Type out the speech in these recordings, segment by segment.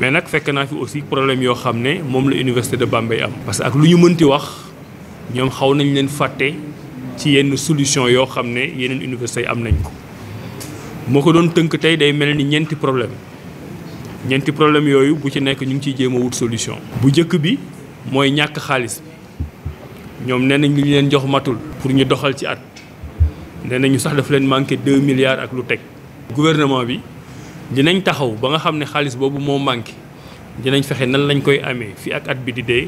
mais nag fekk naa fi aussi problème yoo xam ne moom la université de Bambey am. parce que ak lu ñu mënti wax ñoom xaw nañ leen fàtte ci yenn solution yoo xam ne yeneen université yi am nañ ko moo ko doon tënk tey day mel ni ñeenti problème ñeenti problème yooyu bu ci nekk ñu ngi ciy jéem a wut solution. bu njëkk bi mooy ñàkk xaalis bi ñoom nee nañ li ñu leen jox matul. pour ñu doxal ci at nee nañu sax dafa leen manqué 2 milliards ak lu teg. gouvernement bi. dinañ taxaw ba nga xam ne xaalis boobu moo manqué dinañ fexe nan lañ koy amee fii ak at bi di dee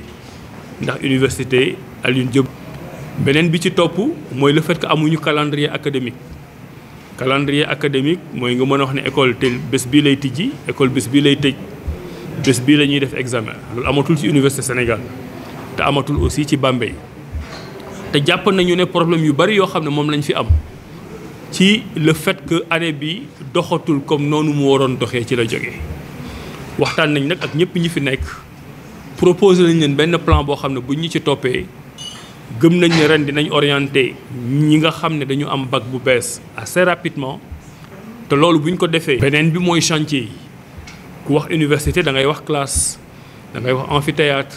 ndax université Alioune jëm beneen bi ci topp mooy le fait que amuñu calendrier académique calendrier académique mooy nga mën a wax ne école te bés bii lay tijji école bés bii lay tëj bés bii la def examen loolu amatul ci université Sénégal te amatul aussi ci Bambey te jàpp nañu ne problème yu bari yoo xam ne moom lañ fi am. ci le fait que année bi doxatul comme noonu mu waroon doxee ci la jógee waxtaan nañ nag ak ñëpp ñi fi nekk proposé nañ leen benn plan boo xam ne bu ñu ci toppee gëm nañ ne ren dinañ orienté ñi nga xam ne dañu am bag bu bees assez rapidement te loolu bu ñu ko defee. beneen bi mooy chantier yi ku wax université da ngay wax classe da ngay wax amphithéâtre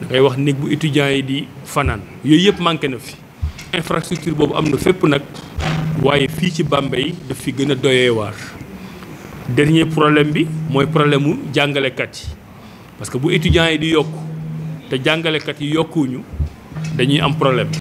da ngay wax néeg bu étudiants yi di fanaan yooyu yëpp manqué na fi. infrastructure boobu am na fépp nag waaye fii ci Bambey daf fi gën a doyee waar dernier problème bi mooy problème mu jàngalekat yi parce que bu étudiants yi di yokku te jàngalekat yi yokkuwuñu dañuy am problème